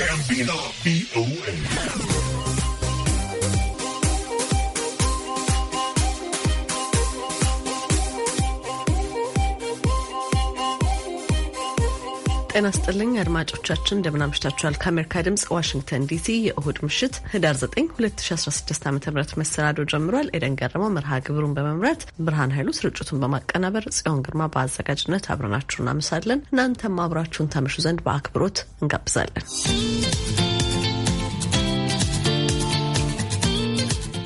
Gambino B-O-A. ጤና ስጥልኝ አድማጮቻችን፣ እንደምን አምሽታችኋል። ከአሜሪካ ድምፅ ዋሽንግተን ዲሲ የእሁድ ምሽት ህዳር 9 2016 ዓ ም መሰናዶ ጀምሯል። ኤደን ገረመው መርሃ ግብሩን በመምራት ብርሃን ኃይሉ ስርጭቱን በማቀናበር ጽዮን ግርማ በአዘጋጅነት አብረናችሁ እናመሳለን። እናንተም አብራችሁን ታመሹ ዘንድ በአክብሮት እንጋብዛለን።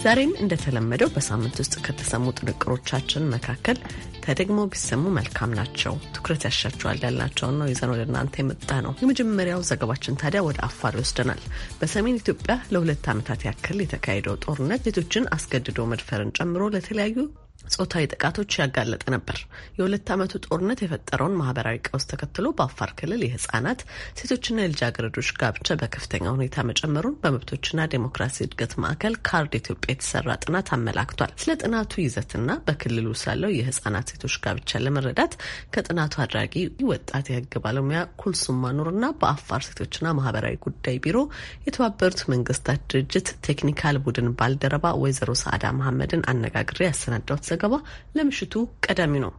ዛሬም እንደተለመደው በሳምንት ውስጥ ከተሰሙ ጥንቅሮቻችን መካከል ተደግሞ ቢሰሙ መልካም ናቸው፣ ትኩረት ያሻቸዋል ያልናቸውን ነው ይዘን ወደ እናንተ የመጣ ነው። የመጀመሪያው ዘገባችን ታዲያ ወደ አፋር ይወስደናል። በሰሜን ኢትዮጵያ ለሁለት ዓመታት ያክል የተካሄደው ጦርነት ሴቶችን አስገድዶ መድፈርን ጨምሮ ለተለያዩ ጾታዊ ጥቃቶች ያጋለጠ ነበር። የሁለት ዓመቱ ጦርነት የፈጠረውን ማህበራዊ ቀውስ ተከትሎ በአፋር ክልል የህጻናት ሴቶችና የልጃገረዶች ጋብቻ በከፍተኛ ሁኔታ መጨመሩን በመብቶችና ዴሞክራሲ እድገት ማዕከል ካርድ ኢትዮጵያ የተሰራ ጥናት አመላክቷል። ስለ ጥናቱ ይዘትና በክልሉ ስላለው የህጻናት ሴቶች ጋብቻ ለመረዳት ከጥናቱ አድራጊ ወጣት የህግ ባለሙያ ኩልሱም ማኖርና በአፋር ሴቶችና ማህበራዊ ጉዳይ ቢሮ የተባበሩት መንግስታት ድርጅት ቴክኒካል ቡድን ባልደረባ ወይዘሮ ሰዓዳ መሐመድን አነጋግሬ ያሰናዳሁት ዘገባ ለምሽቱ ቀዳሚ ነው።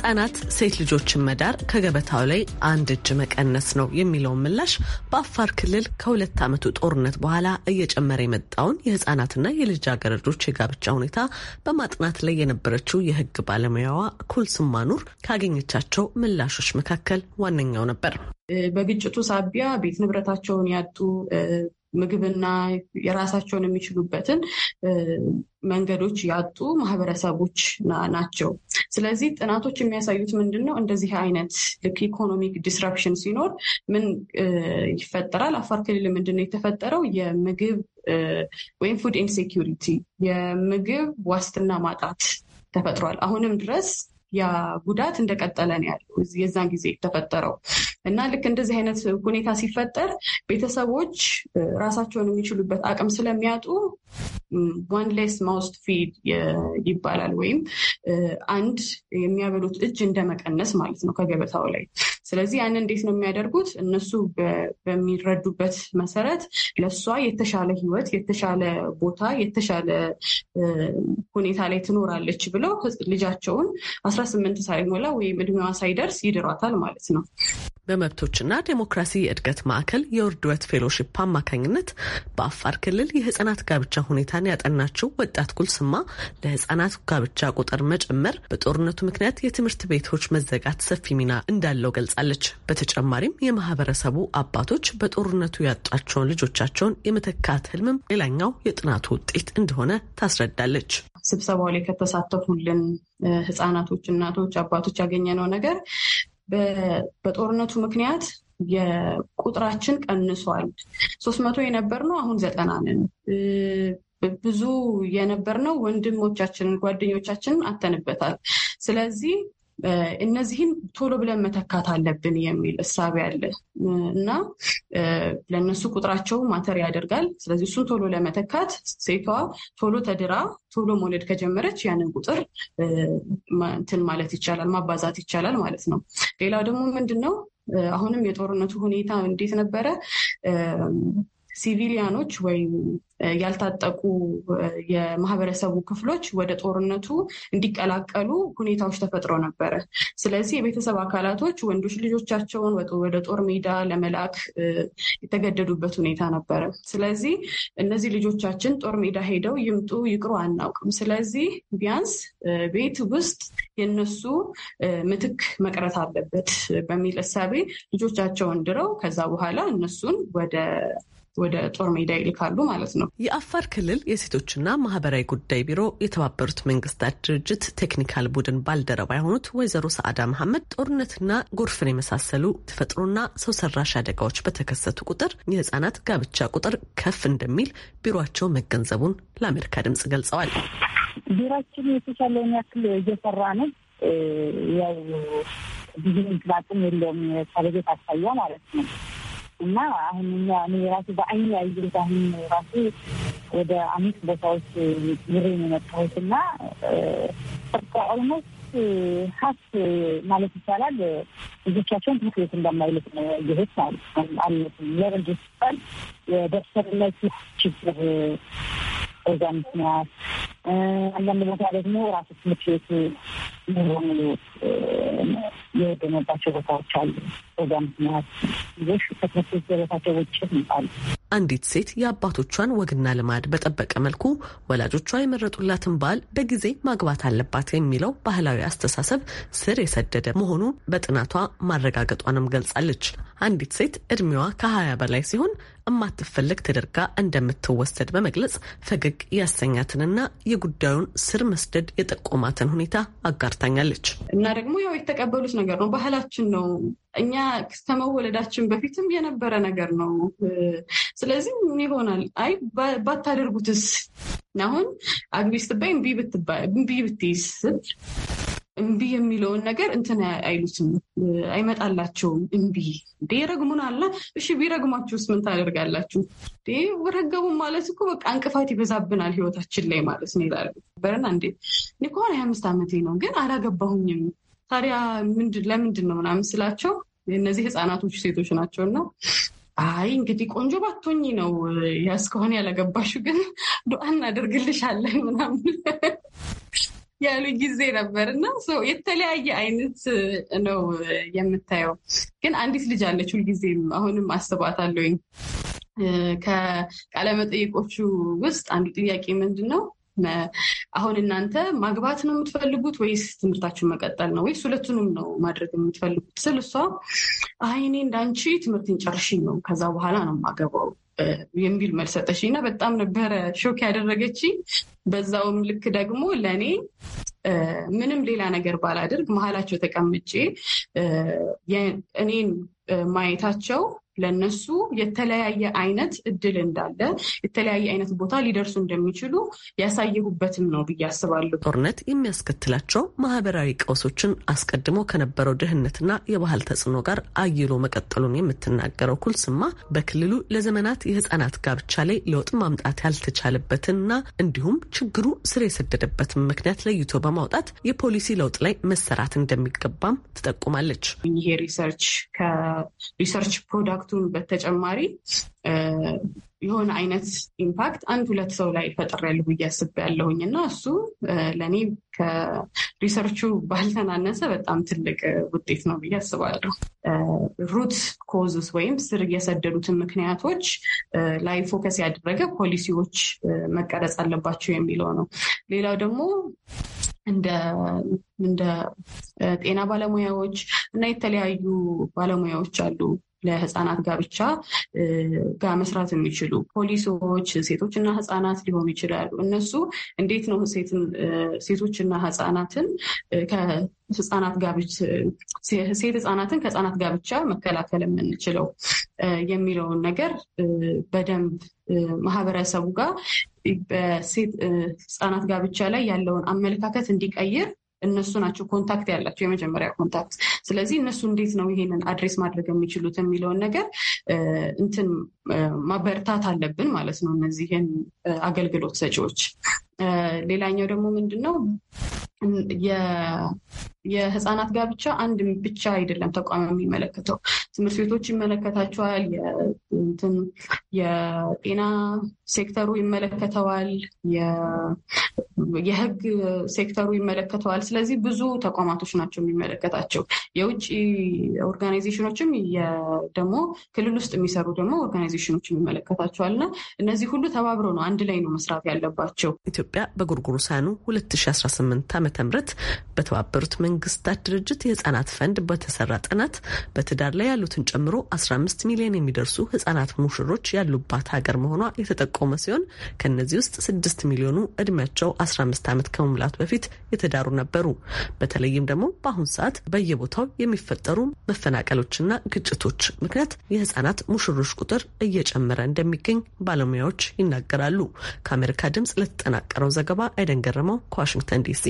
ህጻናት ሴት ልጆችን መዳር ከገበታው ላይ አንድ እጅ መቀነስ ነው የሚለውን ምላሽ በአፋር ክልል ከሁለት ዓመቱ ጦርነት በኋላ እየጨመረ የመጣውን የህጻናትና የልጃገረዶች የጋብቻ ሁኔታ በማጥናት ላይ የነበረችው የህግ ባለሙያዋ ኩልስም ማኑር ካገኘቻቸው ምላሾች መካከል ዋነኛው ነበር። በግጭቱ ሳቢያ ቤት ንብረታቸውን ያጡ ምግብና የራሳቸውን የሚችሉበትን መንገዶች ያጡ ማህበረሰቦች ናቸው። ስለዚህ ጥናቶች የሚያሳዩት ምንድን ነው? እንደዚህ አይነት ልክ ኢኮኖሚክ ዲስራፕሽን ሲኖር ምን ይፈጠራል? አፋር ክልል ምንድን ነው የተፈጠረው? የምግብ ወይም ፉድ ኢንሴኪሪቲ የምግብ ዋስትና ማጣት ተፈጥሯል። አሁንም ድረስ ያ ጉዳት እንደቀጠለ ነው ያለው የዛን ጊዜ የተፈጠረው እና ልክ እንደዚህ አይነት ሁኔታ ሲፈጠር ቤተሰቦች ራሳቸውን የሚችሉበት አቅም ስለሚያጡ ዋን ሌስ ማውስት ፊድ ይባላል ወይም አንድ የሚያበሉት እጅ እንደመቀነስ ማለት ነው ከገበታው ላይ። ስለዚህ ያን እንዴት ነው የሚያደርጉት? እነሱ በሚረዱበት መሰረት ለእሷ የተሻለ ህይወት የተሻለ ቦታ፣ የተሻለ ሁኔታ ላይ ትኖራለች ብለው ልጃቸውን አስራ ስምንት ሳይሞላ ወይም እድሜዋ ሳይደርስ ይድሯታል ማለት ነው። በመብቶችና ዴሞክራሲ የእድገት ማዕከል የውርድወት ፌሎሺፕ አማካኝነት በአፋር ክልል የህጻናት ጋብቻ ሁኔታን ያጠናችው ወጣት ጉልስማ ለህጻናት ጋብቻ ቁጥር መጨመር በጦርነቱ ምክንያት የትምህርት ቤቶች መዘጋት ሰፊ ሚና እንዳለው ገልጻለች። በተጨማሪም የማህበረሰቡ አባቶች በጦርነቱ ያጧቸውን ልጆቻቸውን የመተካት ህልምም ሌላኛው የጥናቱ ውጤት እንደሆነ ታስረዳለች። ስብሰባው ላይ ከተሳተፉልን ህጻናቶች፣ እናቶች፣ አባቶች ያገኘነው ነገር በጦርነቱ ምክንያት የቁጥራችን ቀንሷል። ሶስት መቶ የነበር ነው አሁን ዘጠና ነን። ብዙ የነበር ነው ወንድሞቻችንን ጓደኞቻችንን አተንበታል። ስለዚህ እነዚህን ቶሎ ብለን መተካት አለብን የሚል እሳቤ አለ እና ለእነሱ ቁጥራቸው ማተር ያደርጋል። ስለዚህ እሱን ቶሎ ለመተካት ሴቷ ቶሎ ተድራ ቶሎ መውለድ ከጀመረች ያንን ቁጥር እንትን ማለት ይቻላል፣ ማባዛት ይቻላል ማለት ነው። ሌላው ደግሞ ምንድን ነው አሁንም የጦርነቱ ሁኔታ እንዴት ነበረ? ሲቪሊያኖች ወይም ያልታጠቁ የማህበረሰቡ ክፍሎች ወደ ጦርነቱ እንዲቀላቀሉ ሁኔታዎች ተፈጥሮ ነበረ። ስለዚህ የቤተሰብ አካላቶች ወንዶች ልጆቻቸውን ወደ ጦር ሜዳ ለመላክ የተገደዱበት ሁኔታ ነበረ። ስለዚህ እነዚህ ልጆቻችን ጦር ሜዳ ሄደው ይምጡ ይቅሩ አናውቅም። ስለዚህ ቢያንስ ቤት ውስጥ የነሱ ምትክ መቅረት አለበት በሚል እሳቤ ልጆቻቸውን ድረው ከዛ በኋላ እነሱን ወደ ወደ ጦር ሜዳ ይልካሉ ማለት ነው። የአፋር ክልል የሴቶችና ማህበራዊ ጉዳይ ቢሮ የተባበሩት መንግስታት ድርጅት ቴክኒካል ቡድን ባልደረባ የሆኑት ወይዘሮ ሰዓዳ መሐመድ ጦርነትና ጎርፍን የመሳሰሉ ተፈጥሮና ሰው ሰራሽ አደጋዎች በተከሰቱ ቁጥር የህጻናት ጋብቻ ቁጥር ከፍ እንደሚል ቢሮቸው መገንዘቡን ለአሜሪካ ድምጽ ገልጸዋል። ቢሮችን የተሻለውን ያክል እየሰራ ነው ያው ብዙ ምክንያቱም የለውም ከበጀት አሳያ ማለት ነው እና አሁን እኛ እኔ ራሱ በአይን ያየሁት አሁን ራሱ ወደ አምስት ቦታዎች ምሬ ነው የመጣሁት እና በቃ ኦልሞስት ሀስ ማለት ይቻላል ልጆቻቸውን ትምህርት ቤት እንደማይልቅ ነው ያየሁት ማለት አለትም ለልጆች ሲባል የደብተርነት ችግር በዛ ምክንያት አንዳንድ ቦታ ደግሞ ራሱ ትምህርት ቤቱ ሙሉ የወደመባቸው ቦታዎች አሉ። በዛ ምክንያት ልጆች ከትምህርት ቤት ገበታቸው ውጭ ይመጣሉ። አንዲት ሴት የአባቶቿን ወግና ልማድ በጠበቀ መልኩ ወላጆቿ የመረጡላትን ባል በጊዜ ማግባት አለባት የሚለው ባህላዊ አስተሳሰብ ስር የሰደደ መሆኑን በጥናቷ ማረጋገጧንም ገልጻለች። አንዲት ሴት እድሜዋ ከ20 በላይ ሲሆን እማትፈለግ ተደርጋ እንደምትወሰድ በመግለጽ ፈገግ ያሰኛትንና የጉዳዩን ስር መስደድ የጠቆማትን ሁኔታ አጋርታኛለች። እና ደግሞ ያው የተቀበሉት ነገር ነው፣ ባህላችን ነው፣ እኛ ከመወለዳችን በፊትም የነበረ ነገር ነው። ስለዚህ ምን ይሆናል? አይ ባታደርጉትስ? አሁን አግቢ ስትባይ እምቢ እምቢ የሚለውን ነገር እንትን አይሉትም፣ አይመጣላቸውም። እምቢ እንዴ ረግሙን አለ። እሺ ቢረግማችሁስ ምን ታደርጋላችሁ? ረገሙን ማለት እኮ በቃ እንቅፋት ይበዛብናል ህይወታችን ላይ ማለት ነው ይላሉ በረና እንዴ እኔ እኮ ሀያ አምስት ዓመቴ ነው ግን አላገባሁኝም። ታዲያ ለምንድን ነው ምናምን ስላቸው እነዚህ ህፃናቶች ሴቶች ናቸው እና አይ እንግዲህ ቆንጆ ባቶኝ ነው ያስከሆን ያለገባሹ ግን ዱአ እናደርግልሻለን ምናምን ያሉ ጊዜ ነበር እና የተለያየ አይነት ነው የምታየው። ግን አንዲት ልጅ አለች ሁልጊዜም አሁንም አስባታለሁኝ። ከቃለመጠይቆቹ ውስጥ አንዱ ጥያቄ ምንድን ነው አሁን እናንተ ማግባት ነው የምትፈልጉት ወይስ ትምህርታችሁን መቀጠል ነው ወይስ ሁለቱንም ነው ማድረግ የምትፈልጉት ስል እሷ አይኔ እንዳንቺ ትምህርቴን ጨርሼ ነው ከዛ በኋላ ነው የማገባው የሚል መልስ እና በጣም ነበረ ሾክ ያደረገች በዛውም ልክ ደግሞ ለእኔ ምንም ሌላ ነገር ባላደርግ መሀላቸው ተቀምጬ እኔን ማየታቸው ለነሱ የተለያየ አይነት እድል እንዳለ የተለያየ አይነት ቦታ ሊደርሱ እንደሚችሉ ያሳየሁበትም ነው ብዬ አስባለሁ። ጦርነት የሚያስከትላቸው ማህበራዊ ቀውሶችን አስቀድሞ ከነበረው ድህነትና የባህል ተጽዕኖ ጋር አይሎ መቀጠሉን የምትናገረው ኩልስማ በክልሉ ለዘመናት የህጻናት ጋብቻ ላይ ለውጥ ማምጣት ያልተቻለበትንና እንዲሁም ችግሩ ስር የሰደደበትን ምክንያት ለይቶ በማውጣት የፖሊሲ ለውጥ ላይ መሰራት እንደሚገባም ትጠቁማለች። ይሄ ሪሰርች ከሪሰርች ፕሮዳክቱ በተጨማሪ የሆነ አይነት ኢምፓክት አንድ ሁለት ሰው ላይ ፈጥሬያለሁ ብዬ ያለሁኝ እና እሱ ለእኔ ከሪሰርቹ ባልተናነሰ በጣም ትልቅ ውጤት ነው ብዬ አስባለሁ። ሩት ኮዝስ ወይም ስር የሰደዱትን ምክንያቶች ላይ ፎከስ ያደረገ ፖሊሲዎች መቀረጽ አለባቸው የሚለው ነው። ሌላው ደግሞ እንደ ጤና ባለሙያዎች እና የተለያዩ ባለሙያዎች አሉ ለህፃናት ጋብቻ ጋር መስራት የሚችሉ ፖሊሶች፣ ሴቶችና ህፃናት ሊሆኑ ይችላሉ። እነሱ እንዴት ነው ሴቶችና ህፃናትን ህፃናት ጋብቻ ሴት ህፃናትን ከህፃናት ጋብቻ መከላከል የምንችለው የሚለውን ነገር በደንብ ማህበረሰቡ ጋር በሴት ህጻናት ጋብቻ ላይ ያለውን አመለካከት እንዲቀይር እነሱ ናቸው ኮንታክት ያላቸው የመጀመሪያ ኮንታክት። ስለዚህ እነሱ እንዴት ነው ይሄንን አድሬስ ማድረግ የሚችሉት የሚለውን ነገር እንትን ማበርታት አለብን ማለት ነው እነዚህን አገልግሎት ሰጪዎች። ሌላኛው ደግሞ ምንድን ነው የህፃናት ጋብቻ አንድ ብቻ አይደለም ተቋም የሚመለከተው። ትምህርት ቤቶች ይመለከታቸዋል፣ የጤና ሴክተሩ ይመለከተዋል፣ የህግ ሴክተሩ ይመለከተዋል። ስለዚህ ብዙ ተቋማቶች ናቸው የሚመለከታቸው። የውጭ ኦርጋናይዜሽኖችም ደግሞ ክልል ውስጥ የሚሰሩ ደግሞ ኦርጋናይዜሽኖች ይመለከታቸዋል እና እነዚህ ሁሉ ተባብረው ነው አንድ ላይ ነው መስራት ያለባቸው። ኢትዮጵያ በጎርጎሮሳውያኑ 2018 ዓ ም በተባበሩት መንግስት መንግስታት ድርጅት የህጻናት ፈንድ በተሰራ ጥናት በትዳር ላይ ያሉትን ጨምሮ 15 ሚሊዮን የሚደርሱ ህጻናት ሙሽሮች ያሉባት ሀገር መሆኗ የተጠቆመ ሲሆን ከእነዚህ ውስጥ 6 ሚሊዮኑ እድሜያቸው 15 ዓመት ከመሙላቱ በፊት የተዳሩ ነበሩ። በተለይም ደግሞ በአሁን ሰዓት በየቦታው የሚፈጠሩ መፈናቀሎችና ግጭቶች ምክንያት የህጻናት ሙሽሮች ቁጥር እየጨመረ እንደሚገኝ ባለሙያዎች ይናገራሉ። ከአሜሪካ ድምጽ ለተጠናቀረው ዘገባ አይደን ገረመው ከዋሽንግተን ዲሲ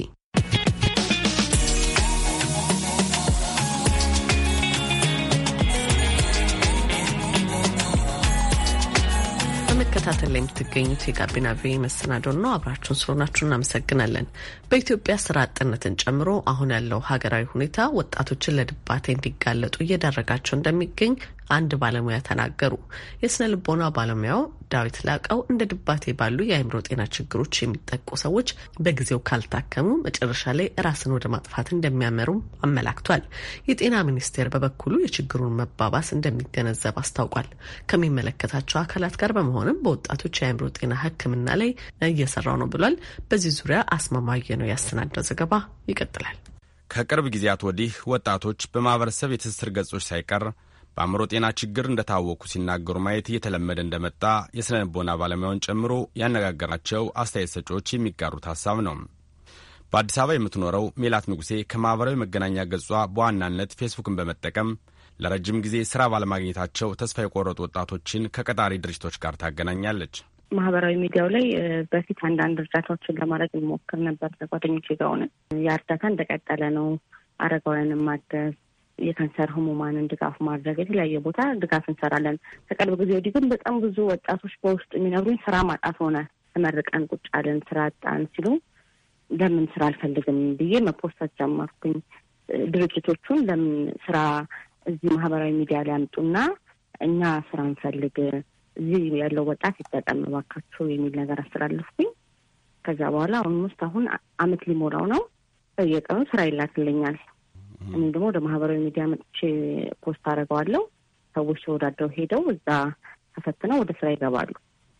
በመከታተል ላይ የምትገኙት የጋቢና ቪ መሰናዶ ነው። አብራችሁን ስለሆናችሁ እናመሰግናለን። በኢትዮጵያ ስራ አጥነትን ጨምሮ አሁን ያለው ሀገራዊ ሁኔታ ወጣቶችን ለድባቴ እንዲጋለጡ እየዳረጋቸው እንደሚገኝ አንድ ባለሙያ ተናገሩ። የስነ ልቦና ባለሙያው ዳዊት ላቀው እንደ ድባቴ ባሉ የአእምሮ ጤና ችግሮች የሚጠቁ ሰዎች በጊዜው ካልታከሙ መጨረሻ ላይ ራስን ወደ ማጥፋት እንደሚያመሩም አመላክቷል። የጤና ሚኒስቴር በበኩሉ የችግሩን መባባስ እንደሚገነዘብ አስታውቋል። ከሚመለከታቸው አካላት ጋር በመሆንም በወጣቶች የአእምሮ ጤና ሕክምና ላይ እየሰራው ነው ብሏል። በዚህ ዙሪያ አስማማየ ነው ያሰናዳው ዘገባ ይቀጥላል። ከቅርብ ጊዜያት ወዲህ ወጣቶች በማህበረሰብ የትስስር ገጾች ሳይቀር በአእምሮ ጤና ችግር እንደታወቁ ሲናገሩ ማየት እየተለመደ እንደመጣ የሥነ ልቦና ባለሙያውን ጨምሮ ያነጋገራቸው አስተያየት ሰጪዎች የሚጋሩት ሐሳብ ነው። በአዲስ አበባ የምትኖረው ሜላት ንጉሴ ከማኅበራዊ መገናኛ ገጿ በዋናነት ፌስቡክን በመጠቀም ለረጅም ጊዜ ሥራ ባለማግኘታቸው ተስፋ የቆረጡ ወጣቶችን ከቀጣሪ ድርጅቶች ጋር ታገናኛለች። ማህበራዊ ሚዲያው ላይ በፊት አንዳንድ እርዳታዎችን ለማድረግ እንሞክር ነበር ከጓደኞቼ ጋር ሆነን። ያ እርዳታ እንደቀጠለ ነው። አረጋውያንን ማገዝ የካንሰር ህሙማንን ድጋፍ ማድረግ የተለያየ ቦታ ድጋፍ እንሰራለን። ከቅርብ ጊዜ ወዲህ ግን በጣም ብዙ ወጣቶች በውስጥ የሚነግሩኝ ስራ ማጣት ሆነ፣ ተመርቀን ቁጭ አልን ስራ አጣን ሲሉ ለምን ስራ አልፈልግም ብዬ መፖስታት ጀመርኩኝ። ድርጅቶቹን ለምን ስራ እዚህ ማህበራዊ ሚዲያ ላይ አምጡና እኛ ስራ እንፈልግ እዚህ ያለው ወጣት ይጠቀም እባካችሁ የሚል ነገር አስተላለፍኩኝ። ከዛ በኋላ አሁን ውስጥ አሁን አመት ሊሞላው ነው። በየቀኑ ስራ ይላክልኛል። እኔ ደግሞ ወደ ማህበራዊ ሚዲያ መጥቼ ፖስት አደርገዋለሁ። ሰዎች ተወዳደው ሄደው እዛ ተፈትነው ወደ ስራ ይገባሉ።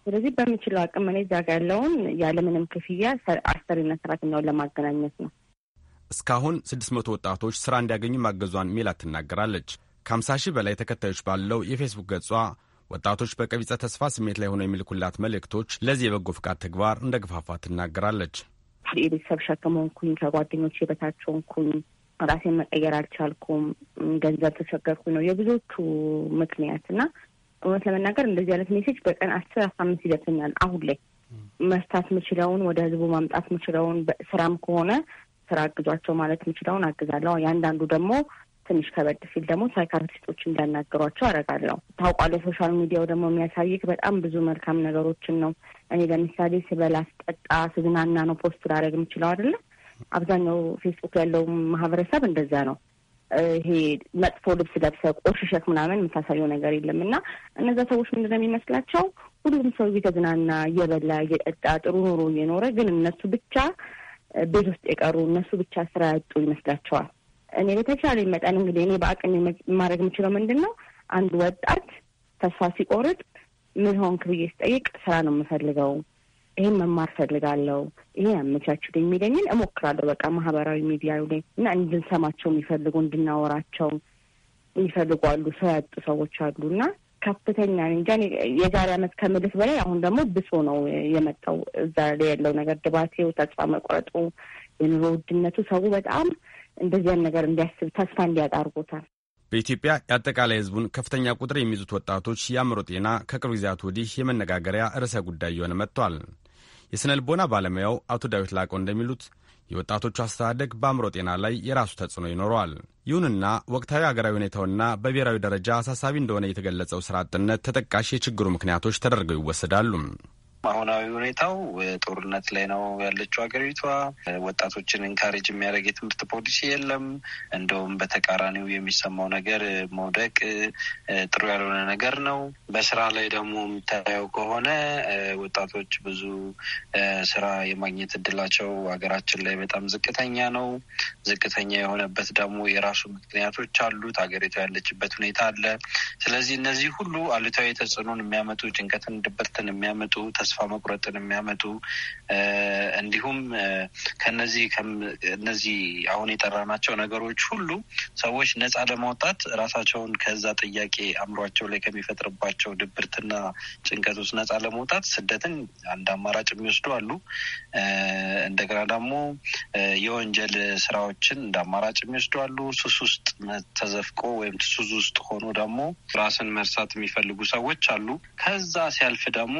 ስለዚህ በምችለው አቅም እኔ እዛ ጋ ያለውን ያለምንም ክፍያ አሰሪና ሰራተኛውን ለማገናኘት ነው። እስካሁን ስድስት መቶ ወጣቶች ስራ እንዲያገኙ ማገዟን ሜላ ትናገራለች። ከሀምሳ ሺህ በላይ ተከታዮች ባለው የፌስቡክ ገጿ ወጣቶች በቀቢጸ ተስፋ ስሜት ላይ ሆነው የሚልኩላት መልእክቶች ለዚህ የበጎ ፍቃድ ተግባር እንደ ግፋፋ ትናገራለች። የቤተሰብ ሸክም ሆንኩኝ፣ ከጓደኞቼ ሆንኩኝ፣ ራሴን መቀየር አልቻልኩም፣ ገንዘብ ተቸገርኩ ነው የብዙዎቹ ምክንያት እና እውነት ለመናገር እንደዚህ አይነት ሜሴጅ በቀን አስር አስራ አምስት ይደርሰኛል። አሁን ላይ መፍታት ምችለውን ወደ ህዝቡ ማምጣት ምችለውን ስራም ከሆነ ስራ አግዟቸው ማለት ምችለውን አግዛለሁ። ያንዳንዱ ደግሞ ትንሽ ከበድ ሲል ደግሞ ሳይካትሪስቶች እንዳናገሯቸው አረጋለሁ። ታውቋለህ፣ ሶሻል ሚዲያው ደግሞ የሚያሳይክ በጣም ብዙ መልካም ነገሮችን ነው። እኔ ለምሳሌ ስበላ፣ ስጠጣ፣ ስዝናና ነው ፖስት ላደርግ የምችለው አይደለም አብዛኛው ፌስቡክ ያለው ማህበረሰብ እንደዛ ነው። ይሄ መጥፎ ልብስ ለብሰ ቆሽሸት ምናምን የምታሳየው ነገር የለም እና እነዛ ሰዎች ምንድን ነው የሚመስላቸው ሁሉም ሰው እየተዝናና እየበላ እየጠጣ ጥሩ ኑሮ እየኖረ ግን እነሱ ብቻ ቤት ውስጥ የቀሩ እነሱ ብቻ ስራ ያጡ ይመስላቸዋል። እኔ በተቻለ መጠን እንግዲህ እኔ በአቅም ማድረግ የምችለው ምንድን ነው አንድ ወጣት ተስፋ ሲቆርጥ ምን ሆንክ ብዬ ስጠይቅ ስራ ነው የምፈልገው ይሄን መማር ፈልጋለው፣ ይሄ ያመቻችሁልኝ የሚለኝን እሞክራለሁ። በቃ ማህበራዊ ሚዲያ ላይ እና እንድንሰማቸው የሚፈልጉ እንድናወራቸው የሚፈልጉ አሉ፣ ሰው ያጡ ሰዎች አሉ እና ከፍተኛ እንጃ የዛሬ አመት ከምልስ በላይ አሁን ደግሞ ብሶ ነው የመጣው። እዛ ላይ ያለው ነገር ድባቴው፣ ተስፋ መቁረጡ፣ የኑሮ ውድነቱ ሰው በጣም እንደዚያን ነገር እንዲያስብ ተስፋ እንዲያጣርጎታል። በኢትዮጵያ የአጠቃላይ ሕዝቡን ከፍተኛ ቁጥር የሚይዙት ወጣቶች የአእምሮ ጤና ከቅርብ ጊዜያት ወዲህ የመነጋገሪያ ርዕሰ ጉዳይ እየሆነ መጥቷል። የስነ ልቦና ባለሙያው አቶ ዳዊት ላቀው እንደሚሉት የወጣቶቹ አስተዳደግ በአእምሮ ጤና ላይ የራሱ ተጽዕኖ ይኖረዋል። ይሁንና ወቅታዊ አገራዊ ሁኔታውና በብሔራዊ ደረጃ አሳሳቢ እንደሆነ የተገለጸው ስራ አጥነት ተጠቃሽ የችግሩ ምክንያቶች ተደርገው ይወሰዳሉ። አሁናዊ ሁኔታው ጦርነት ላይ ነው ያለችው ሀገሪቷ። ወጣቶችን እንካሬጅ የሚያደርግ የትምህርት ፖሊሲ የለም። እንደውም በተቃራኒው የሚሰማው ነገር መውደቅ ጥሩ ያልሆነ ነገር ነው። በስራ ላይ ደግሞ የሚታየው ከሆነ ወጣቶች ብዙ ስራ የማግኘት እድላቸው ሀገራችን ላይ በጣም ዝቅተኛ ነው። ዝቅተኛ የሆነበት ደግሞ የራሱ ምክንያቶች አሉት። ሀገሪቷ ያለችበት ሁኔታ አለ። ስለዚህ እነዚህ ሁሉ አሉታዊ ተጽዕኖን የሚያመጡ ጭንቀትን፣ ድብርትን የሚያመጡ ተስፋ መቁረጥን የሚያመጡ እንዲሁም ከነዚህ እነዚህ አሁን የጠራናቸው ነገሮች ሁሉ ሰዎች ነፃ ለማውጣት ራሳቸውን ከዛ ጥያቄ አእምሯቸው ላይ ከሚፈጥርባቸው ድብርትና ጭንቀት ውስጥ ነፃ ለመውጣት ስደትን አንድ አማራጭ የሚወስዱ አሉ። እንደገና ደግሞ የወንጀል ስራዎችን እንደ አማራጭ የሚወስዱ አሉ። ሱስ ውስጥ ተዘፍቆ ወይም ሱስ ውስጥ ሆኖ ደግሞ ራስን መርሳት የሚፈልጉ ሰዎች አሉ። ከዛ ሲያልፍ ደግሞ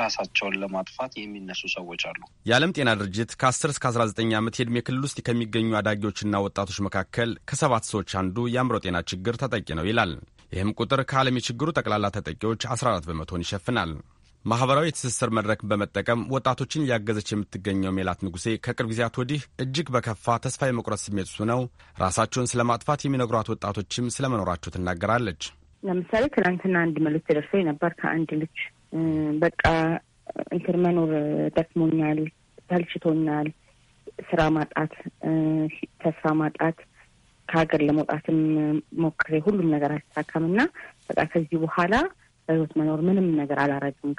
ራሳቸውን ለማጥፋት የሚነሱ ሰዎች አሉ። የዓለም ጤና ድርጅት ከ10 እስከ 19 ዓመት የዕድሜ ክልል ውስጥ ከሚገኙ አዳጊዎችና ወጣቶች መካከል ከሰባት ሰዎች አንዱ የአእምሮ ጤና ችግር ተጠቂ ነው ይላል። ይህም ቁጥር ከዓለም የችግሩ ጠቅላላ ተጠቂዎች 14 በመቶን ይሸፍናል። ማህበራዊ የትስስር መድረክን በመጠቀም ወጣቶችን እያገዘች የምትገኘው ሜላት ንጉሴ ከቅርብ ጊዜያት ወዲህ እጅግ በከፋ ተስፋ የመቁረጥ ስሜት ውስጥ ነው። ራሳቸውን ስለ ማጥፋት የሚነግሯት ወጣቶችም ስለመኖራቸው ትናገራለች። ለምሳሌ ትናንትና አንድ መልዕክት ደርሰው ነበር ከአንድ ልጅ በቃ እንትን መኖር ደክሞኛል፣ ተልችቶኛል፣ ስራ ማጣት፣ ተስፋ ማጣት፣ ከሀገር ለመውጣትም ሞክሬ ሁሉም ነገር አልተሳካም እና በቃ ከዚህ በኋላ በህይወት መኖር ምንም ነገር አላረግም፣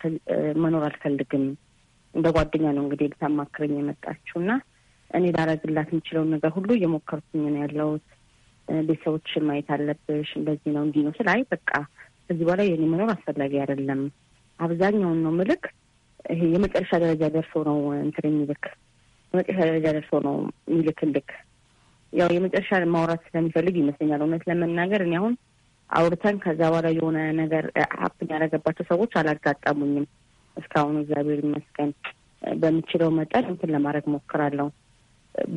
መኖር አልፈልግም። እንደ ጓደኛ ነው እንግዲህ ልታማክረኝ የመጣችው እና እኔ ላረግላት የምችለውን ነገር ሁሉ እየሞከርኩኝ ነው ያለሁት። ቤተሰቦችን ማየት አለብሽ፣ እንደዚህ ነው እንዲህ ነው አይ በቃ ከዚህ በኋላ የኔ መኖር አስፈላጊ አይደለም አብዛኛውን ነው ምልክ ይሄ የመጨረሻ ደረጃ ደርሶ ነው እንትን የሚልክ የመጨረሻ ደረጃ ደርሶ ነው ልክ ያው የመጨረሻ ማውራት ስለሚፈልግ ይመስለኛል። እውነት ለመናገር እኔ አሁን አውርተን ከዛ በኋላ የሆነ ነገር ሀፕን ያደረገባቸው ሰዎች አላጋጠሙኝም እስካሁን እግዚአብሔር ይመስገን። በምችለው መጠን እንትን ለማድረግ ሞክራለሁ።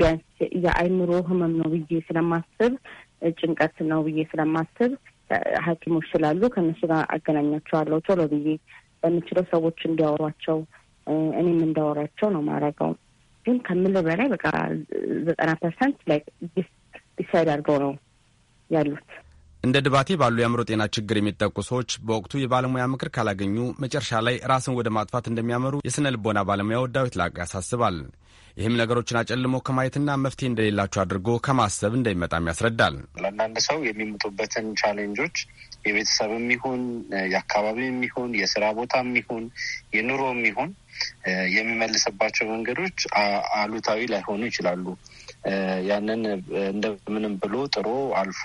ቢያንስ የአይምሮ ህመም ነው ብዬ ስለማስብ፣ ጭንቀት ነው ብዬ ስለማስብ ሐኪሞች ስላሉ ከእነሱ ጋር አገናኛቸዋለሁ ቶሎ ብዬ በምችለው ሰዎች እንዲያወሯቸው እኔም እንዳወራቸው ነው ማድረገው። ግን ከምልህ በላይ በቃ ዘጠና ፐርሰንት ላይ ዲሳይድ አድርገው ነው ያሉት። እንደ ድባቴ ባሉ የአእምሮ ጤና ችግር የሚጠቁ ሰዎች በወቅቱ የባለሙያ ምክር ካላገኙ መጨረሻ ላይ ራስን ወደ ማጥፋት እንደሚያመሩ የሥነ ልቦና ባለሙያው ዳዊት ላቅ ያሳስባል። ይህም ነገሮችን አጨልሞ ከማየትና መፍትሄ እንደሌላቸው አድርጎ ከማሰብ እንደሚመጣም ያስረዳል። ለአንዳንድ ሰው የሚመጡበትን ቻሌንጆች የቤተሰብም ይሁን የአካባቢም ይሁን የስራ ቦታም ይሁን የኑሮም ይሁን የሚመልስባቸው መንገዶች አሉታዊ ላይሆኑ ይችላሉ። ያንን እንደምንም ብሎ ጥሮ አልፎ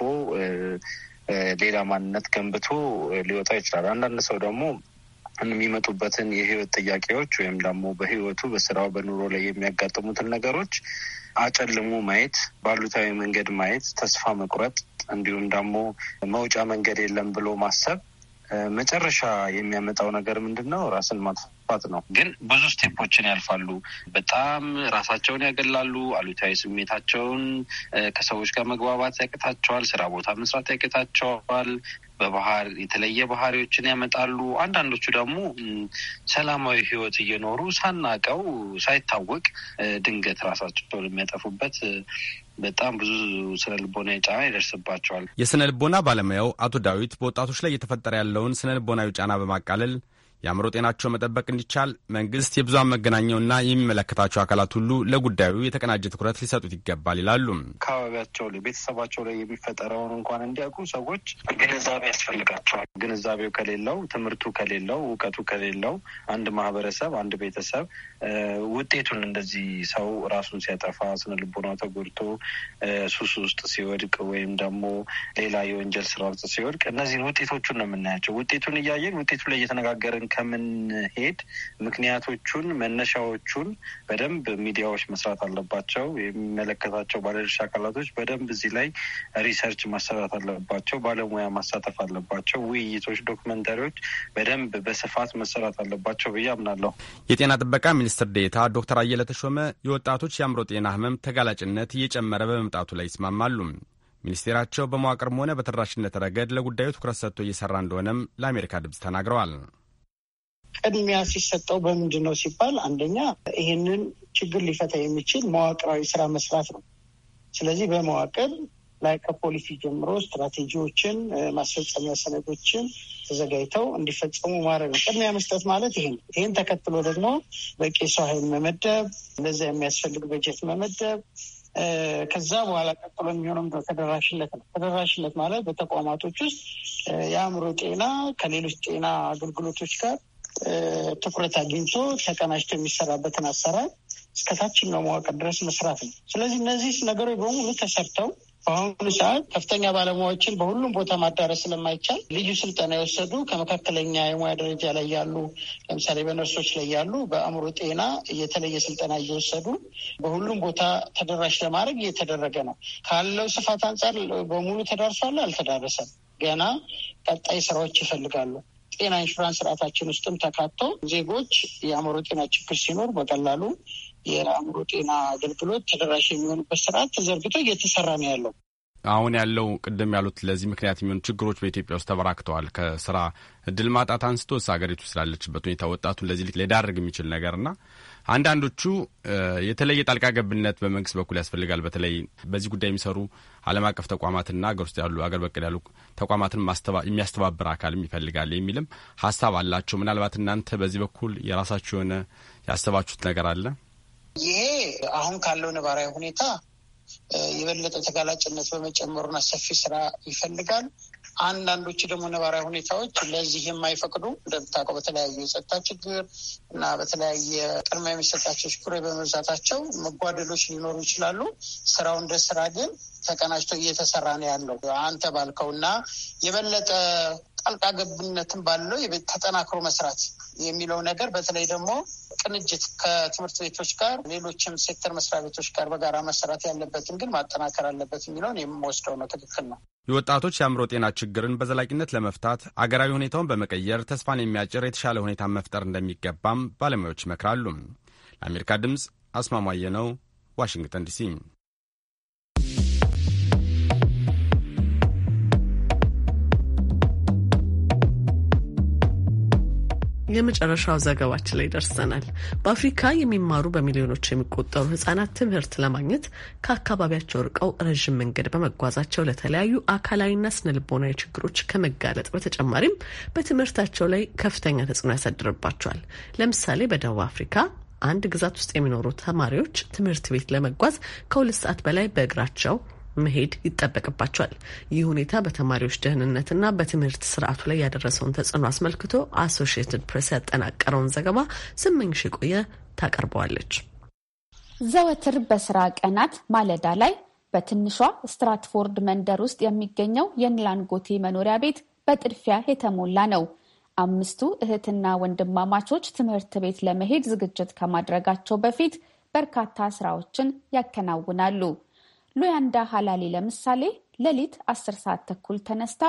ሌላ ማንነት ገንብቶ ሊወጣ ይችላል። አንዳንድ ሰው ደግሞ የሚመጡበትን የህይወት ጥያቄዎች ወይም ደግሞ በህይወቱ በስራው በኑሮ ላይ የሚያጋጥሙትን ነገሮች አጨልሞ ማየት፣ ባሉታዊ መንገድ ማየት፣ ተስፋ መቁረጥ እንዲሁም ደግሞ መውጫ መንገድ የለም ብሎ ማሰብ መጨረሻ የሚያመጣው ነገር ምንድን ነው? ራስን ማጥፋት ነው። ግን ብዙ ስቴፖችን ያልፋሉ። በጣም ራሳቸውን ያገላሉ። አሉታዊ ስሜታቸውን ከሰዎች ጋር መግባባት ያቅታቸዋል። ስራ ቦታ መስራት ያቅታቸዋል። በባህር የተለየ ባህሪዎችን ያመጣሉ። አንዳንዶቹ ደግሞ ሰላማዊ ህይወት እየኖሩ ሳናቀው ሳይታወቅ ድንገት ራሳቸውን የሚያጠፉበት በጣም ብዙ ስነ ልቦና ጫና ይደርስባቸዋል። የስነ ልቦና ባለሙያው አቶ ዳዊት በወጣቶች ላይ እየተፈጠረ ያለውን ስነ ልቦናዊ ጫና በማቃለል የአእምሮ ጤናቸው መጠበቅ እንዲቻል መንግስት፣ የብዙሃን መገናኛውና የሚመለከታቸው አካላት ሁሉ ለጉዳዩ የተቀናጀ ትኩረት ሊሰጡት ይገባል ይላሉ። አካባቢያቸው ላይ ቤተሰባቸው ላይ የሚፈጠረውን እንኳን እንዲያውቁ ሰዎች ግንዛቤ ያስፈልጋቸዋል። ግንዛቤው ከሌለው፣ ትምህርቱ ከሌለው፣ እውቀቱ ከሌለው አንድ ማህበረሰብ አንድ ቤተሰብ ውጤቱን እንደዚህ ሰው ራሱን ሲያጠፋ ስነ ልቦና ተጎድቶ ሱስ ውስጥ ሲወድቅ ወይም ደግሞ ሌላ የወንጀል ስራ ውስጥ ሲወድቅ እነዚህን ውጤቶቹን ነው የምናያቸው። ውጤቱን እያየን ውጤቱ ላይ እየተነጋገርን ከምንሄድ ምክንያቶቹን፣ መነሻዎቹን በደንብ ሚዲያዎች መስራት አለባቸው። የሚመለከታቸው ባለድርሻ አካላቶች በደንብ እዚህ ላይ ሪሰርች ማሰራት አለባቸው። ባለሙያ ማሳተፍ አለባቸው። ውይይቶች፣ ዶክመንተሪዎች በደንብ በስፋት መሰራት አለባቸው ብዬ አምናለሁ። የጤና ጥበቃ ሚኒስትር ዴታ ዶክተር አየለ ተሾመ የወጣቶች የአእምሮ ጤና ህመም ተጋላጭነት እየጨመረ በመምጣቱ ላይ ይስማማሉ። ሚኒስቴራቸው በመዋቅርም ሆነ በተደራሽነት ረገድ ለጉዳዩ ትኩረት ሰጥቶ እየሰራ እንደሆነም ለአሜሪካ ድምፅ ተናግረዋል። ቅድሚያ ሲሰጠው በምንድን ነው ሲባል አንደኛ ይህንን ችግር ሊፈታ የሚችል መዋቅራዊ ስራ መስራት ነው። ስለዚህ በመዋቅር ላይ ከፖሊሲ ጀምሮ ስትራቴጂዎችን፣ ማስፈጸሚያ ሰነዶችን ተዘጋጅተው እንዲፈጸሙ ማድረግ ነው። ቅድሚያ መስጠት ማለት ይሄ ነው። ይህን ተከትሎ ደግሞ በቂ ሰው ኃይል መመደብ፣ ለዛ የሚያስፈልግ በጀት መመደብ ከዛ በኋላ ቀጥሎ የሚሆነው ተደራሽነት ነው። ተደራሽነት ማለት በተቋማቶች ውስጥ የአእምሮ ጤና ከሌሎች ጤና አገልግሎቶች ጋር ትኩረት አግኝቶ ተቀናጅቶ የሚሰራበትን አሰራር እስከ ታችኛው መዋቅር ድረስ መስራት ነው። ስለዚህ እነዚህ ነገሮች በሙሉ ተሰርተው በአሁኑ ሰዓት ከፍተኛ ባለሙያዎችን በሁሉም ቦታ ማዳረስ ስለማይቻል ልዩ ስልጠና የወሰዱ ከመካከለኛ የሙያ ደረጃ ላይ ያሉ ለምሳሌ በነርሶች ላይ ያሉ በአእምሮ ጤና የተለየ ስልጠና እየወሰዱ በሁሉም ቦታ ተደራሽ ለማድረግ እየተደረገ ነው። ካለው ስፋት አንጻር በሙሉ ተዳርሷል? አልተዳረሰም። ገና ቀጣይ ስራዎች ይፈልጋሉ። ጤና ኢንሹራንስ ስርዓታችን ውስጥም ተካቶ ዜጎች የአእምሮ ጤና ችግር ሲኖር በቀላሉ የአእምሮ ጤና አገልግሎት ተደራሽ የሚሆኑበት ስርዓት ተዘርግቶ እየተሰራ ነው ያለው። አሁን ያለው ቅድም ያሉት ለዚህ ምክንያት የሚሆኑ ችግሮች በኢትዮጵያ ውስጥ ተበራክተዋል። ከስራ እድል ማጣት አንስቶ እስ ሀገሪቱ ስላለችበት ሁኔታ ወጣቱን ለዚህ ልክ ሊዳርግ የሚችል ና አንዳንዶቹ የተለየ ጣልቃ ገብነት በመንግስት በኩል ያስፈልጋል። በተለይ በዚህ ጉዳይ የሚሰሩ ዓለም አቀፍ ተቋማትና ሀገር ውስጥ ያሉ አገር በቀል ያሉ ተቋማትን የሚያስተባብር አካልም ይፈልጋል የሚልም ሀሳብ አላቸው። ምናልባት እናንተ በዚህ በኩል የራሳችሁ የሆነ ያሰባችሁት ነገር አለ? ይሄ አሁን ካለው ነባራዊ ሁኔታ የበለጠ ተጋላጭነት በመጨመሩና ሰፊ ስራ ይፈልጋል። አንዳንዶቹ ደግሞ ነባራዊ ሁኔታዎች ለዚህ የማይፈቅዱ እንደምታውቀው በተለያዩ የጸጥታ ችግር እና በተለያየ ቅድሚያ የሚሰጣቸው ችግሮች በመብዛታቸው መጓደሎች ሊኖሩ ይችላሉ። ስራው እንደ ስራ ግን ተቀናጅቶ እየተሰራ ነው ያለው። አንተ እና የበለጠ ጣልቃ ገብነትን ባለው ተጠናክሮ መስራት የሚለው ነገር በተለይ ደግሞ ቅንጅት ከትምህርት ቤቶች ጋር ሌሎችም ሴክተር መስሪያ ቤቶች ጋር በጋራ መሰራት ያለበትን ግን ማጠናከር አለበት የሚለውን የምወስደው ነው። ትክክል ነው። የወጣቶች የአእምሮ ጤና ችግርን በዘላቂነት ለመፍታት አገራዊ ሁኔታውን በመቀየር ተስፋን የሚያጭር የተሻለ ሁኔታ መፍጠር እንደሚገባም ባለሙያዎች ይመክራሉ። ለአሜሪካ ድምፅ አስማማየ ነው፣ ዋሽንግተን ዲሲ የመጨረሻው ዘገባችን ላይ ደርሰናል። በአፍሪካ የሚማሩ በሚሊዮኖች የሚቆጠሩ ህጻናት ትምህርት ለማግኘት ከአካባቢያቸው ርቀው ረዥም መንገድ በመጓዛቸው ለተለያዩ አካላዊና ስነልቦናዊ ችግሮች ከመጋለጥ በተጨማሪም በትምህርታቸው ላይ ከፍተኛ ተጽዕኖ ያሳድርባቸዋል። ለምሳሌ በደቡብ አፍሪካ አንድ ግዛት ውስጥ የሚኖሩ ተማሪዎች ትምህርት ቤት ለመጓዝ ከሁለት ሰዓት በላይ በእግራቸው መሄድ ይጠበቅባቸዋል። ይህ ሁኔታ በተማሪዎች ደህንነትና በትምህርት ስርዓቱ ላይ ያደረሰውን ተጽዕኖ አስመልክቶ አሶሺየትድ ፕሬስ ያጠናቀረውን ዘገባ ስመኝሽ የቆየ ታቀርበዋለች። ዘወትር በስራ ቀናት ማለዳ ላይ በትንሿ ስትራትፎርድ መንደር ውስጥ የሚገኘው የንላንጎቴ መኖሪያ ቤት በጥድፊያ የተሞላ ነው። አምስቱ እህትና ወንድማማቾች ትምህርት ቤት ለመሄድ ዝግጅት ከማድረጋቸው በፊት በርካታ ስራዎችን ያከናውናሉ። ሎያንዳ ሀላሊ ለምሳሌ ሌሊት አስር ሰዓት ተኩል ተነስታ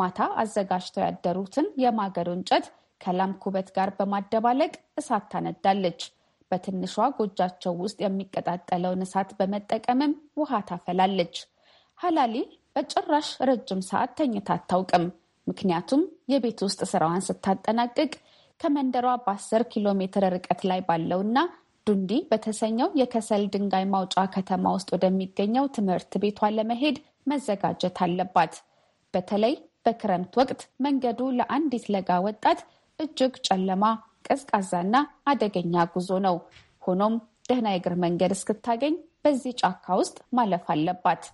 ማታ አዘጋጅተው ያደሩትን የማገዶ እንጨት ከላም ኩበት ጋር በማደባለቅ እሳት ታነዳለች። በትንሿ ጎጃቸው ውስጥ የሚቀጣጠለውን እሳት በመጠቀምም ውሃ ታፈላለች። ሀላሊ በጭራሽ ረጅም ሰዓት ተኝታ አታውቅም። ምክንያቱም የቤት ውስጥ ስራዋን ስታጠናቅቅ ከመንደሯ በአስር ኪሎ ሜትር ርቀት ላይ ባለውና ዱንዲ በተሰኘው የከሰል ድንጋይ ማውጫ ከተማ ውስጥ ወደሚገኘው ትምህርት ቤቷ ለመሄድ መዘጋጀት አለባት። በተለይ በክረምት ወቅት መንገዱ ለአንዲት ለጋ ወጣት እጅግ ጨለማ፣ ቀዝቃዛና አደገኛ ጉዞ ነው። ሆኖም ደህና የእግር መንገድ እስክታገኝ በዚህ ጫካ ውስጥ ማለፍ አለባት።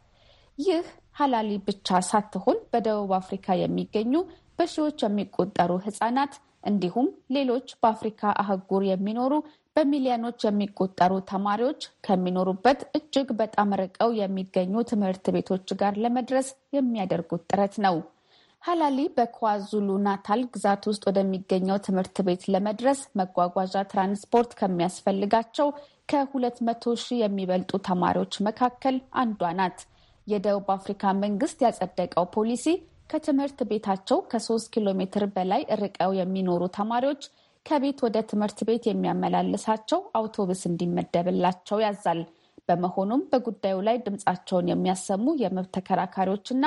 ይህ ሀላሊ ብቻ ሳትሆን በደቡብ አፍሪካ የሚገኙ በሺዎች የሚቆጠሩ ህጻናት እንዲሁም ሌሎች በአፍሪካ አህጉር የሚኖሩ በሚሊዮኖች የሚቆጠሩ ተማሪዎች ከሚኖሩበት እጅግ በጣም ርቀው የሚገኙ ትምህርት ቤቶች ጋር ለመድረስ የሚያደርጉት ጥረት ነው። ሀላሊ በኳዙሉ ናታል ግዛት ውስጥ ወደሚገኘው ትምህርት ቤት ለመድረስ መጓጓዣ ትራንስፖርት ከሚያስፈልጋቸው ከ 200 ሺህ የሚበልጡ ተማሪዎች መካከል አንዷ ናት። የደቡብ አፍሪካ መንግስት ያጸደቀው ፖሊሲ ከትምህርት ቤታቸው ከሶስት ኪሎ ሜትር በላይ ርቀው የሚኖሩ ተማሪዎች ከቤት ወደ ትምህርት ቤት የሚያመላልሳቸው አውቶቡስ እንዲመደብላቸው ያዛል። በመሆኑም በጉዳዩ ላይ ድምፃቸውን የሚያሰሙ የመብት ተከራካሪዎችና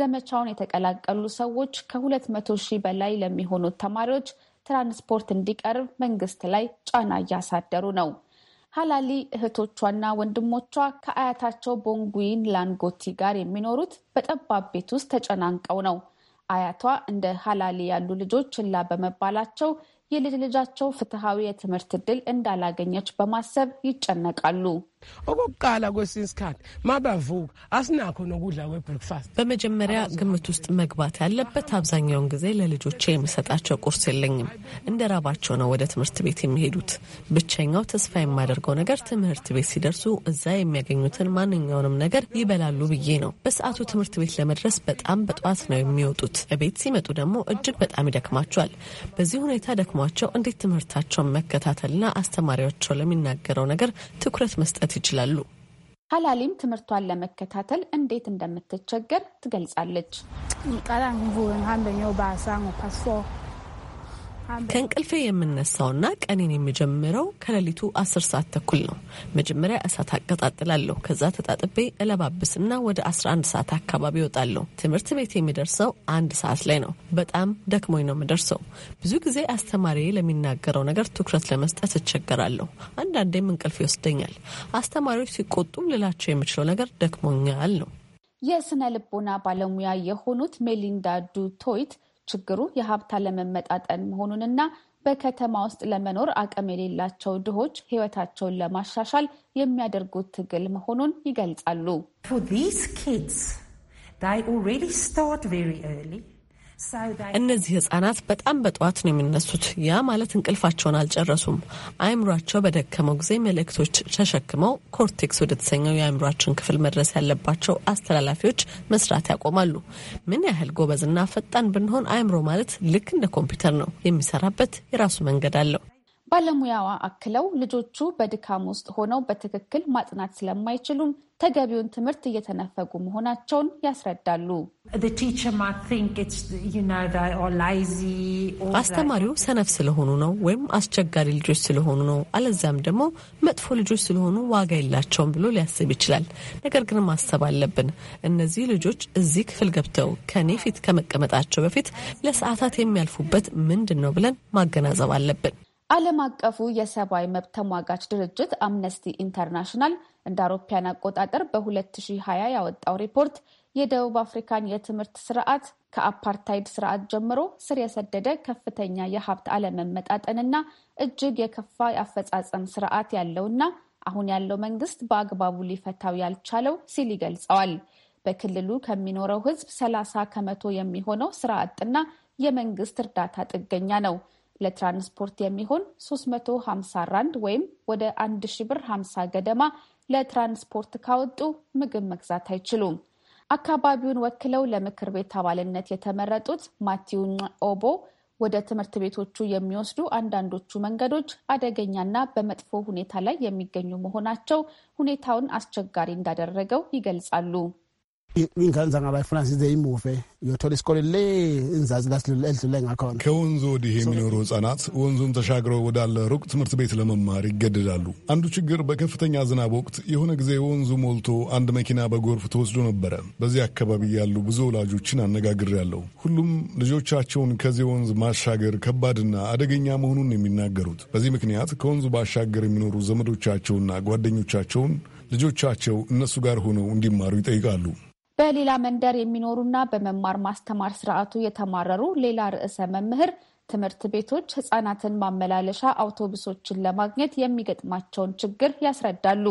ዘመቻውን የተቀላቀሉ ሰዎች ከሁለት መቶ ሺህ በላይ ለሚሆኑት ተማሪዎች ትራንስፖርት እንዲቀርብ መንግስት ላይ ጫና እያሳደሩ ነው። ሀላሊ እህቶቿና ወንድሞቿ ከአያታቸው ቦንጉይን ላንጎቲ ጋር የሚኖሩት በጠባብ ቤት ውስጥ ተጨናንቀው ነው። አያቷ እንደ ሀላሊ ያሉ ልጆች ችላ በመባላቸው የልጅ ልጃቸው ፍትሐዊ የትምህርት ድል እንዳላገኘች በማሰብ ይጨነቃሉ። okokuqala kwesinye isikhathi mabavuka asinakho nokudla kwe-breakfast በመጀመሪያ ግምት ውስጥ መግባት ያለበት አብዛኛውን ጊዜ ለልጆቼ የምሰጣቸው ቁርስ የለኝም። እንደ ራባቸው ነው ወደ ትምህርት ቤት የሚሄዱት። ብቸኛው ተስፋ የማደርገው ነገር ትምህርት ቤት ሲደርሱ እዛ የሚያገኙትን ማንኛውንም ነገር ይበላሉ ብዬ ነው። በሰዓቱ ትምህርት ቤት ለመድረስ በጣም በጠዋት ነው የሚወጡት። ቤት ሲመጡ ደግሞ እጅግ በጣም ይደክማቸዋል። በዚህ ሁኔታ ደክሟቸው እንዴት ትምህርታቸውን መከታተልና አስተማሪያቸው ለሚናገረው ነገር ትኩረት መስጠት ይችላሉ። ሀላሊም ትምህርቷን ለመከታተል እንዴት እንደምትቸገር ትገልጻለች። ከእንቅልፌ የምነሳውና ቀኔን የምጀምረው ከሌሊቱ አስር ሰዓት ተኩል ነው። መጀመሪያ እሳት አቀጣጥላለሁ። ከዛ ተጣጥቤ እለባብስና ወደ 11 ሰዓት አካባቢ ይወጣለሁ። ትምህርት ቤት የሚደርሰው አንድ ሰዓት ላይ ነው። በጣም ደክሞኝ ነው የምደርሰው። ብዙ ጊዜ አስተማሪ ለሚናገረው ነገር ትኩረት ለመስጠት እቸገራለሁ። አንዳንዴም እንቅልፍ ይወስደኛል። አስተማሪዎች ሲቆጡ ልላቸው የምችለው ነገር ደክሞኛል ነው። የስነ ልቦና ባለሙያ የሆኑት ሜሊንዳ ዱ ችግሩ የሀብት አለመመጣጠን መሆኑንና በከተማ ውስጥ ለመኖር አቅም የሌላቸው ድሆች ህይወታቸውን ለማሻሻል የሚያደርጉት ትግል መሆኑን ይገልጻሉ። እነዚህ ህጻናት በጣም በጠዋት ነው የሚነሱት። ያ ማለት እንቅልፋቸውን አልጨረሱም። አእምሯቸው በደከመው ጊዜ መልእክቶች ተሸክመው ኮርቴክስ ወደ ተሰኘው የአእምሯችን ክፍል መድረስ ያለባቸው አስተላላፊዎች መስራት ያቆማሉ። ምን ያህል ጎበዝና ፈጣን ብንሆን አእምሮ ማለት ልክ እንደ ኮምፒውተር ነው፣ የሚሰራበት የራሱ መንገድ አለው። ባለሙያዋ አክለው ልጆቹ በድካም ውስጥ ሆነው በትክክል ማጥናት ስለማይችሉም ተገቢውን ትምህርት እየተነፈጉ መሆናቸውን ያስረዳሉ። አስተማሪው ሰነፍ ስለሆኑ ነው ወይም አስቸጋሪ ልጆች ስለሆኑ ነው፣ አለዚያም ደግሞ መጥፎ ልጆች ስለሆኑ ዋጋ የላቸውም ብሎ ሊያስብ ይችላል። ነገር ግን ማሰብ አለብን። እነዚህ ልጆች እዚህ ክፍል ገብተው ከኔ ፊት ከመቀመጣቸው በፊት ለሰዓታት የሚያልፉበት ምንድን ነው ብለን ማገናዘብ አለብን። ዓለም አቀፉ የሰብአዊ መብት ተሟጋች ድርጅት አምነስቲ ኢንተርናሽናል እንደ አውሮፓያን አቆጣጠር በ2020 ያወጣው ሪፖርት የደቡብ አፍሪካን የትምህርት ስርዓት ከአፓርታይድ ስርዓት ጀምሮ ስር የሰደደ ከፍተኛ የሀብት አለመመጣጠንና እጅግ የከፋ የአፈጻጸም ስርዓት ያለውና አሁን ያለው መንግስት በአግባቡ ሊፈታው ያልቻለው ሲል ይገልጸዋል። በክልሉ ከሚኖረው ህዝብ ሰላሳ ከመቶ የሚሆነው ስራ አጥና የመንግስት እርዳታ ጥገኛ ነው። ለትራንስፖርት የሚሆን 350 ራንድ ወይም ወደ 1 ሺ ብር 50 ገደማ ለትራንስፖርት ካወጡ ምግብ መግዛት አይችሉም። አካባቢውን ወክለው ለምክር ቤት አባልነት የተመረጡት ማቲው ኦቦ ወደ ትምህርት ቤቶቹ የሚወስዱ አንዳንዶቹ መንገዶች አደገኛና በመጥፎ ሁኔታ ላይ የሚገኙ መሆናቸው ሁኔታውን አስቸጋሪ እንዳደረገው ይገልጻሉ። iy'ngane zangaba francis imuve yothola isikole le inzazi elidlule ngakhona ከወንዙ ወዲህ የሚኖሩ ህጻናት ወንዙን ተሻግረው ወዳለ ሩቅ ትምህርት ቤት ለመማር ይገደዳሉ። አንዱ ችግር በከፍተኛ ዝናብ ወቅት የሆነ ጊዜ ወንዙ ሞልቶ አንድ መኪና በጎርፍ ተወስዶ ነበረ። በዚህ አካባቢ ያሉ ብዙ ወላጆችን አነጋግሬያለሁ። ሁሉም ልጆቻቸውን ከዚህ ወንዝ ማሻገር ከባድና አደገኛ መሆኑን የሚናገሩት በዚህ ምክንያት ከወንዙ ባሻገር የሚኖሩ ዘመዶቻቸውና ጓደኞቻቸውን ልጆቻቸው እነሱ ጋር ሆነው እንዲማሩ ይጠይቃሉ። በሌላ መንደር የሚኖሩና በመማር ማስተማር ስርዓቱ የተማረሩ ሌላ ርዕሰ መምህር ትምህርት ቤቶች ህጻናትን ማመላለሻ አውቶቡሶችን ለማግኘት የሚገጥማቸውን ችግር ያስረዳሉ።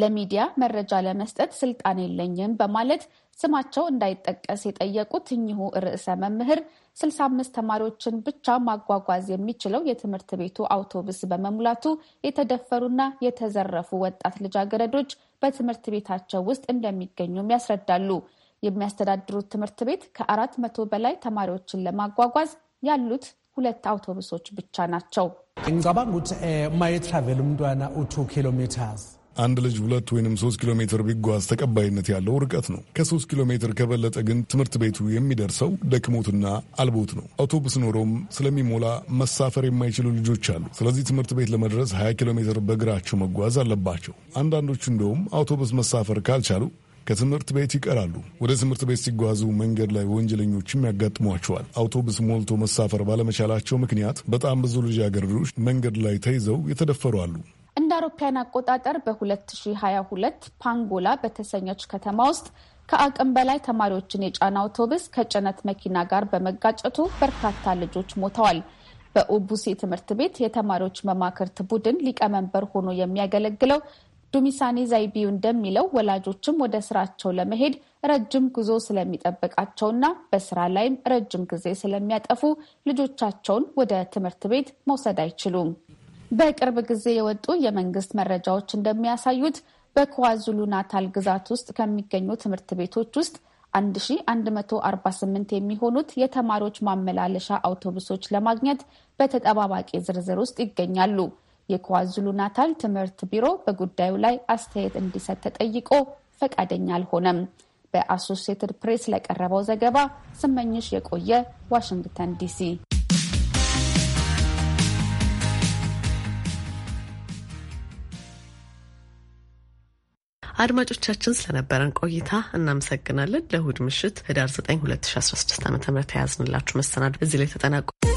ለሚዲያ መረጃ ለመስጠት ስልጣን የለኝም በማለት ስማቸው እንዳይጠቀስ የጠየቁት እኚሁ ርዕሰ መምህር 65 ተማሪዎችን ብቻ ማጓጓዝ የሚችለው የትምህርት ቤቱ አውቶቡስ በመሙላቱ የተደፈሩና የተዘረፉ ወጣት ልጃገረዶች በትምህርት ቤታቸው ውስጥ እንደሚገኙም ያስረዳሉ። የሚያስተዳድሩት ትምህርት ቤት ከአራት መቶ በላይ ተማሪዎችን ለማጓጓዝ ያሉት ሁለት አውቶቡሶች ብቻ ናቸው። አንድ ልጅ ሁለት ወይንም ሶስት ኪሎ ሜትር ቢጓዝ ተቀባይነት ያለው ርቀት ነው። ከሶስት ኪሎ ሜትር ከበለጠ ግን ትምህርት ቤቱ የሚደርሰው ደክሞትና አልቦት ነው። አውቶቡስ ኖሮም ስለሚሞላ መሳፈር የማይችሉ ልጆች አሉ። ስለዚህ ትምህርት ቤት ለመድረስ 20 ኪሎ ሜትር በእግራቸው መጓዝ አለባቸው። አንዳንዶቹ እንደውም አውቶቡስ መሳፈር ካልቻሉ ከትምህርት ቤት ይቀራሉ። ወደ ትምህርት ቤት ሲጓዙ መንገድ ላይ ወንጀለኞችም ያጋጥሟቸዋል። አውቶቡስ ሞልቶ መሳፈር ባለመቻላቸው ምክንያት በጣም ብዙ ልጃገረዶች መንገድ ላይ ተይዘው የተደፈሩ አሉ። እንደ አውሮፓውያን አቆጣጠር በ2022 ፓንጎላ በተሰኘች ከተማ ውስጥ ከአቅም በላይ ተማሪዎችን የጫነ አውቶቡስ ከጭነት መኪና ጋር በመጋጨቱ በርካታ ልጆች ሞተዋል። በኡቡሲ ትምህርት ቤት የተማሪዎች መማክርት ቡድን ሊቀመንበር ሆኖ የሚያገለግለው ዱሚሳኔ ዛይቢዩ እንደሚለው ወላጆችም ወደ ስራቸው ለመሄድ ረጅም ጉዞ ስለሚጠብቃቸውና በስራ ላይም ረጅም ጊዜ ስለሚያጠፉ ልጆቻቸውን ወደ ትምህርት ቤት መውሰድ አይችሉም። በቅርብ ጊዜ የወጡ የመንግስት መረጃዎች እንደሚያሳዩት በኳዙሉ ናታል ግዛት ውስጥ ከሚገኙ ትምህርት ቤቶች ውስጥ 1148 የሚሆኑት የተማሪዎች ማመላለሻ አውቶቡሶች ለማግኘት በተጠባባቂ ዝርዝር ውስጥ ይገኛሉ። የኳዙሉ ናታል ትምህርት ቢሮ በጉዳዩ ላይ አስተያየት እንዲሰጥ ተጠይቆ ፈቃደኛ አልሆነም። በአሶሲየትድ ፕሬስ ለቀረበው ዘገባ ስመኝሽ የቆየ ዋሽንግተን ዲሲ። አድማጮቻችን ስለነበረን ቆይታ እናመሰግናለን። ለእሁድ ምሽት ህዳር 9 2016 ዓ ም የያዝንላችሁ መሰናዶ እዚህ ላይ ተጠናቋል።